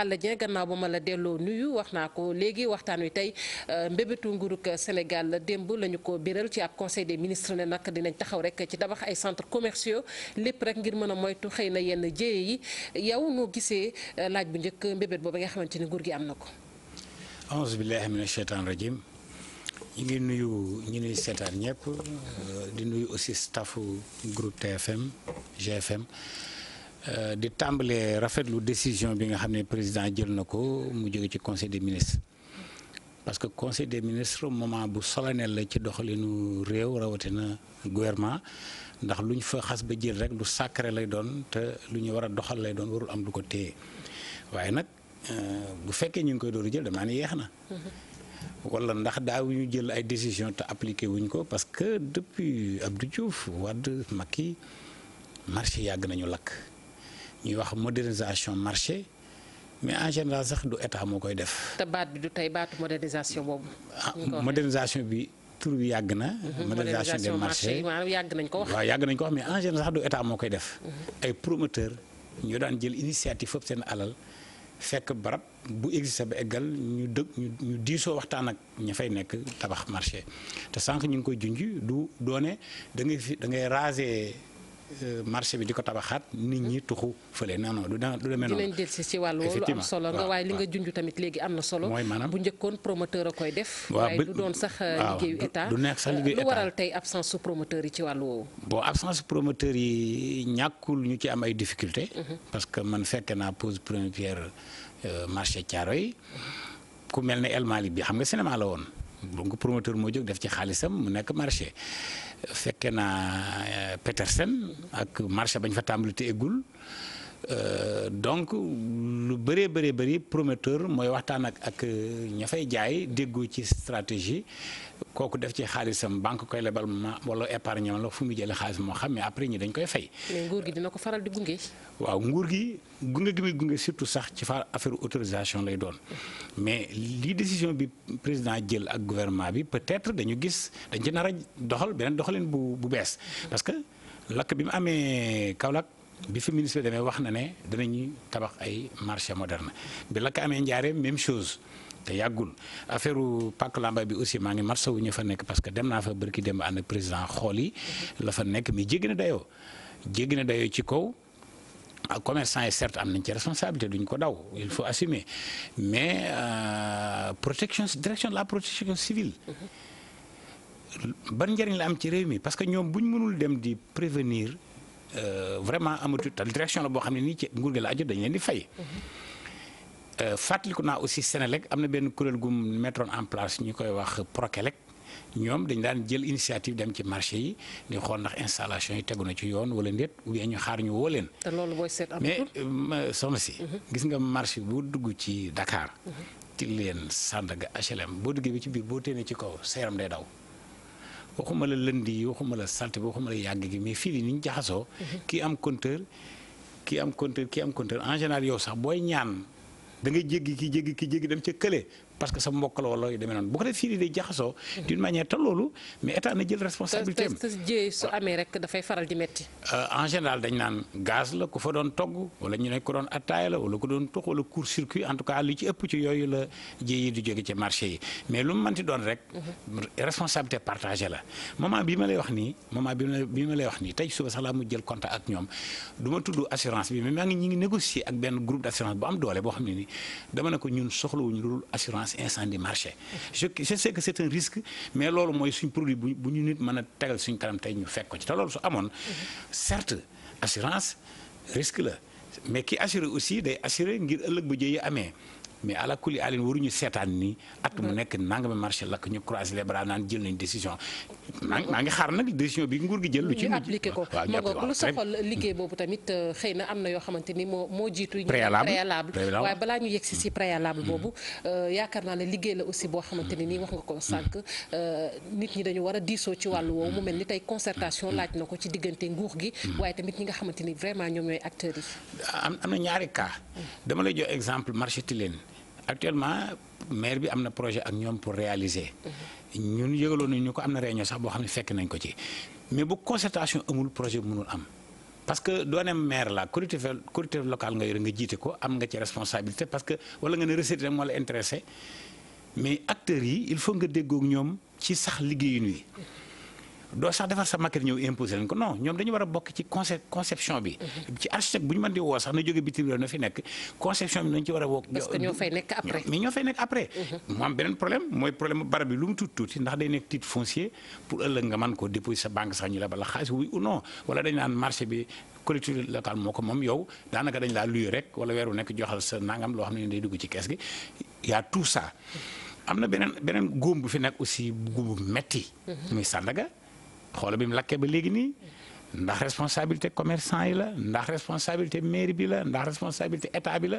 Alla jee gannaaw ba ma la delloo nuyu wax naa ko léegi waxtaan wi tey euh, mbébétu nguurug Sénégal démb la ko biral ci ab conseil des ministres ne nag dinañ taxaw rek ci dabax ay centre commerciaux lépp rek ngir mën a moytu xëy na yenn jéye yi yow noo gisee euh, laaj bu njëkk mbébét boobu nga xamante ni nguur gi am na ko. auzu billaahi mina sheytaani rajiim ñu ngi nuyu ñu nuy seetaan ñëpp euh, di nuyu aussi staffu groupe TFM GFM. Euh, di tàmbalee lu décision bi nga xam ne président jël na ko mu jóge ci conseil des ministres parce que conseil des ministres moment bu solennel la ci doxalinu réew rawatina gouvernement ndax lu ñu fa xas ba jël rek lu sacré lay doon te lu ñu war a doxal lay doon warul am du ko téye waaye nag euh, bu fekkee ñu ngi koy dooru jël damaa ne yeex na. wala ndax daaw ñu jël ay décision te appliqué wuñ ko parce que depuis Abdou Diouf Wade Macky marché yàgg nañu lakk. ñuy wax modernisation marché mais en général sax du état moo koy def. te baat bi du tey baatu modernisation boobu. Ah, modernisation bi tur bi yàgg na. Mhm, modernisation des marchés waaw yàgg nañ ko wax. yàgg nañ ko wax mais en général sax du état moo koy def. Mhm. ay promoteur ñoo daan jël initiative foofu seen alal fekk barab bu existé ba eggal ñu dëg ñu diisoo waxtaan ak ña fay nekk tabax marché te sànq ñu ngi koy junj du doone da fi da ngay Euh, marché bi di ko tabaxaat nit ñi tuxu fële non non du da du demee noonu. dinañ dellusi ci wàllu woowu am solo nga waaye li nga junj tamit léegi am na solo. mooy maanaam bu njëkkoon promoteur a koy def. waaye du doon sax euh, liggéeyu état du neex sax liggéeyu euh, lu waral tey absence su promoteur yi ci wàllu woowu. bon absence promoteur yi ñàkkul ñu ci am ay difficulté mhm. parce que man fekke naa pose première pierre marché Thiaroye mhm. ku mel ne El bi xam nga cinéma la woon. donc promoteur moo jóg def ci xaalisam mu nekk marché fekke naa euh, Petersen ak marché bañ fa tàmbali te eggul Euh, donc lu bëree bëri bëri promoteur mooy waxtaan ak ak euh, ña fay jaay déggoo ci stratégie kooku def ci xaalisam banque koy lebal ma wala épargne la fu mu jëlee xaalis moo xam ne après ñi dañ koy fay. nguur gi dina ko faral di gunge. waaw nguur gi gunge gi muy gunge surtout sax ci fa affaire autorisation lay doon mais li décision bi président jël ak gouvernement bi peut dañu gis dañ ci nar doxal beneen doxalin bu bu bees parce que lakk bi mu amee Kaolack. bi fi ministre demee wax na ne danañuy tabax ay marché moderne bi la ko amee njaaree même chose te yàggul affaire pàkk lamba bi aussi maa ngi marché wu ñu fa nekk parce que dem naa fa barki dem ànd ak président xool yi la fa nekk mais jéggi na dayoo jéggi na dayoo ci kaw ak commerçant yi certes am nañ ci responsabilité duñ ko daw il faut assumer mais euh, protection direction de la protection civile ban njëriñ la am ci réew mi parce que ñoom buñ mënul dem di prévenir Euh, vraiment amatul ta direction la boo xam ne nii ci nguur gi la aju dañ leen di fay. Mm-hmm. Euh, fàttaliku naa aussi Sénélec am na benn kuréel gu mu mettre en place ñu koy wax Prokelec ñoom dañ daan jël initiative dem ci marché yi di xool ndax installation yi tegu na ci yoon wala ndéet ou bien ñu xaar ñu woo leen. te loolu booy seet amatul mais euh, soxna si. Mm-hmm. gis nga marché bu dugg ci dakaar mm-hmm. ci leen Sandaga HLM boo duggee bi ci biir boo téenee ci kaw sa yaram daw. waxuma la lënd yi waxuma la salté bi waxuma la yàgg gi mais fii nii ni ñu jaxasoo. Mhm. kii am compteur kii am compteur kii am compteur en général yow sax booy ñaan da ngay ki jéggi ki jéggi dem ca kële parce que sa mbokk la wala yu demee noonu bu ko def fii day jaxasoo. Mm-hmm. d' une manière te loolu mais état na jël responsabilité am. su ah. amee rek dafay faral di métti. Euh, en général dañ naan gaz la ko fa doon togg wala ñu ne ku doon attaaya la wala ku doon tux wala court circuit en tout cas li ci ëpp ci yooyu la jéey yi di jóge ci marché yi mais lu mu mënti doon rek. Mm-hmm. responsabilité partagée la moment bi ma lay wax nii moment bi ma lay wax nii tey suba sax laa mu jël contact ak ñoom du ma tudd benn groupe d' assurance boo xam ne nii assurance incendie marché je je sais que c'est un risque mais loolu mooy suñ produit bu ñu nit mën a tegal suñ kanam ñu fekk ko ci te loolu su amoon certes assurance risque la mais ki assuré aussi day assuré ngir ëllëg bu jëyee amee mais ala kulli alin waruñu seetaan ni at mu nekk nangami marché lakk ñu croiser les bras naan jël nañ décision maa ngi xaar nag décision bi nguur gi jël. lu ci ñu appliqué ko waaw lu liggéey boobu tamit euh, xëy na am na yoo xamante ni moo moo jiitu. préalable waaye balaa ñu yegsi si mm-hmm. préalable mm-hmm. boobu euh, yaakaar naa ne liggéey la aussi boo xamante ni nii wax nga ko sànq euh, nit ñi dañu war a diisoo ci wàllu woowu mu mel ni tey concertation laaj na ko ci diggante nguur gi. Mm-hmm. waaye tamit ñi nga xamante ni vraiment ñoom ñooy acteurs yi. am na ñaari cas mm. dama lay jox exemple marché Tilène actuellement maire bi am na projet ak ñoom pour réaliser. Mhm. ñun yëgaloon nañ ñu ko am na réunion sax boo xam ne fekk nañ ko ci mais bu concertation amul projet bi am. parce que doo maire la collectivité collectivité locale nga yore nga jiite ko am nga ci responsabilité parce que wala nga ne recette rek moo la intéressé mais acteurs yi il faut nga déggoog ñoom ci sax liggéeyuñu yi doo sax defar sa maquette ñëw imposer leen ko non ñoom dañu war a bokk ci concept conception bi. Mhm. ci architecte bu ñu mën di woo sax na jóge bitim réew na fi nekk conception bi nañu ci war a woo. parce que ñoo fay nekk après. mais ñoo fay nekk après. Mhm. mu am beneen problème mooy problème barab bi lu mu tuuti tuuti ndax day nekk titre foncier pour ëllëg nga mën koo déposer sa banque sax ñu la bala xaalis oui ou non wala dañu naan marché bi. collectivité locale moo ko moom yow daanaka dañ laa luy rek wala weeru nekk joxal sa nangam loo xam ne day dugg ci kees gi y a tout am na beneen beneen góom bu fi nekk aussi bu metti mhm. muy Sandaga xoola bi mu lakkee ba léegi nii ndax responsabilité commerçant yi la ndax responsabilité mairie bi la ndax responsabilité état bi la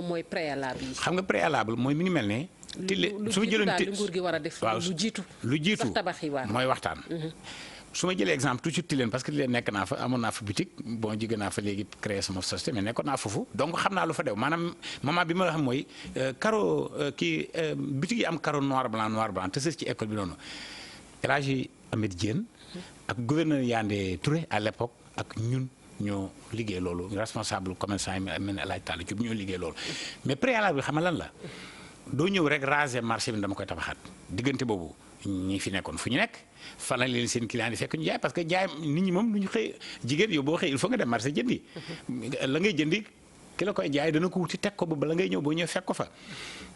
moom mooy préalable yi. xam nga préalable mooy mi ne. tile lu a def. waaw lu jiitu lu jiitu sax tabax yi mooy waxtaan. Mhm. su ma jëlee exemple toujours Tilène parce que Tilène nekk naa fa amoon naa fa boutique bon jigéen naa fa léegi créé sama société mais nekkoon naa foofu donc xam naa lu fa dew maanaam maman bi ma la xam mooy euh, caro euh, kii euh, boutique yi am caro noir blanc noir blanc te sës ci école bi noonu El Hadj Ahmed Diène mhm. ak gouverneur Yandé Touré à l'époque ak ñun. ñoo liggéey loolu responsable commerçant yi mel ne El Hadj Talla Diop ñoo liggéey loolu mais préalable bi xam la doo ñëw rek raser marché bi dama koy tabaxaat diggante boobu ñi fi nekkoon fu ñu nekk fan la leen seen client yi fekk ñu jaay parce que jaay nit ñi moom lu ñu xëy jigéen yow boo xëy il faut nga dem marché jëndi la ngay jëndi ki la koy jaay dana ko wuti teg ko ba bala ngay ñëw boo ñëw fekk ko fa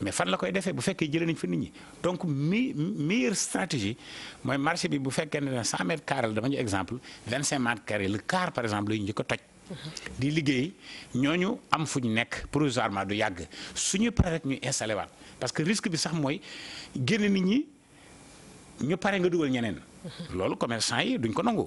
mais fan la koy defee bu fekkee jëlee nañ fa nit ñi donc mi meilleure stratégie mooy marché bi bu fekkee ne cent mètres carrés la dama ñu exemple vingt cinq mètres carrés le par exemple la ñu ko toj. di liggéey ñoo ñu am fu ñu nekk provisoirement du yàgg suñu pare rek ñu installé waat parce que risque bi sax mooy génn nit ñi ñu pare nga dugal ñeneen. loolu commerçant yi duñ ko nangu.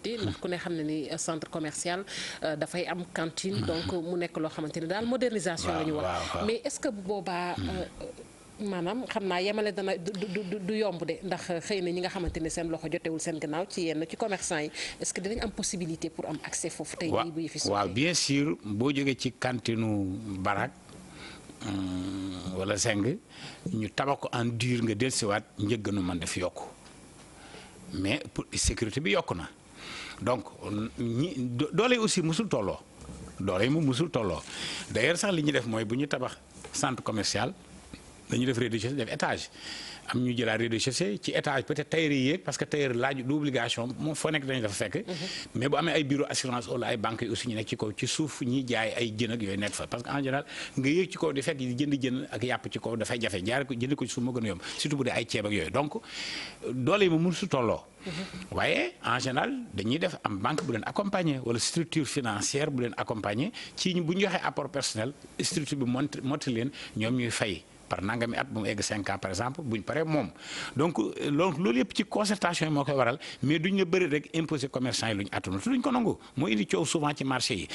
ndax ku ne xam ne ni centre commercial euh, dafay am cantine mm-hmm. donc mu nekk loo xamante ni daal modernisation la ñu wax mais est-ce que bu boobaa euh, mm-hmm. maanaam xam naa yemale dana du du du yomb de ndax xëy na ñi nga xamante ne seen loxo jotewul seen gannaaw ci yenn ci commerçant yi est-ce que dinañ am possibilité pour am accès foofu tey jii bu yëfi sotti waaw bien sûr boo jógee ci cantinu barak euh, wala seng ñu tabax ko en dur nga dellusiwaat njëgg nu man def yokku mais pour sécurité bi yokk na donc ñi doole yi aussi musul tolloo doole yi mu musul tolloo d'ailleurs sax li ñu def mooy bu ñu tabax centre commercial. dañu def rez def étage am ñu jëlaat rez ci étage peut-être tailleur yéeg parce que tailleur laaj du obligation moom foo nekk dañu dafa fekk mhm. mais bu amee ay bureau assurance wala ay banques yi aussi ñu nekk ci kaw ci suuf ñi jaay ay jën yooyu nekk parce que en nga yéeg ci kaw di fekk jënd jën ak yàpp ci kaw dafay jafe jaare ko jënd ko suuf moo gën a yomb surtout bu dee ay ceeb yooyu donc doole yi ma mënu tolloo mhm. waaye en par nangami at bu mu egg cinq ans par exemple buñ paree moom donc euh, donc loolu yëpp ci concertation yi moo koy waral mais duñ la bëri rek imposé commerçant yi luñ attanu te duñ ko nangu moo indi coow souvent ci marché yi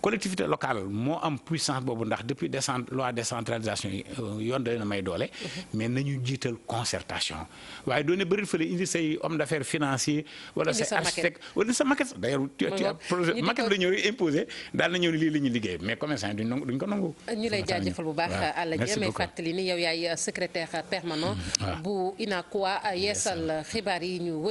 collectivité locale moo am puissance boobu ndax depuis décentralisation euh, yoon da leen may doole. Mhm. mais nañu jiital concertation waaye doone bëri fële indi say homme d'affaires financier wala say architecte wala sa maquette d'ailleurs tu as projet maquette la ñëw imposé daal na ñëw ni lii la liggéey mais commerçant duñ duñ ko nangu. ñu lay jaajëfal bu baax Alla Dieng mais fàttali ni yow yaay secrétaire permanent mm-hmm. bu INACOI yeesal xibaar yi ñu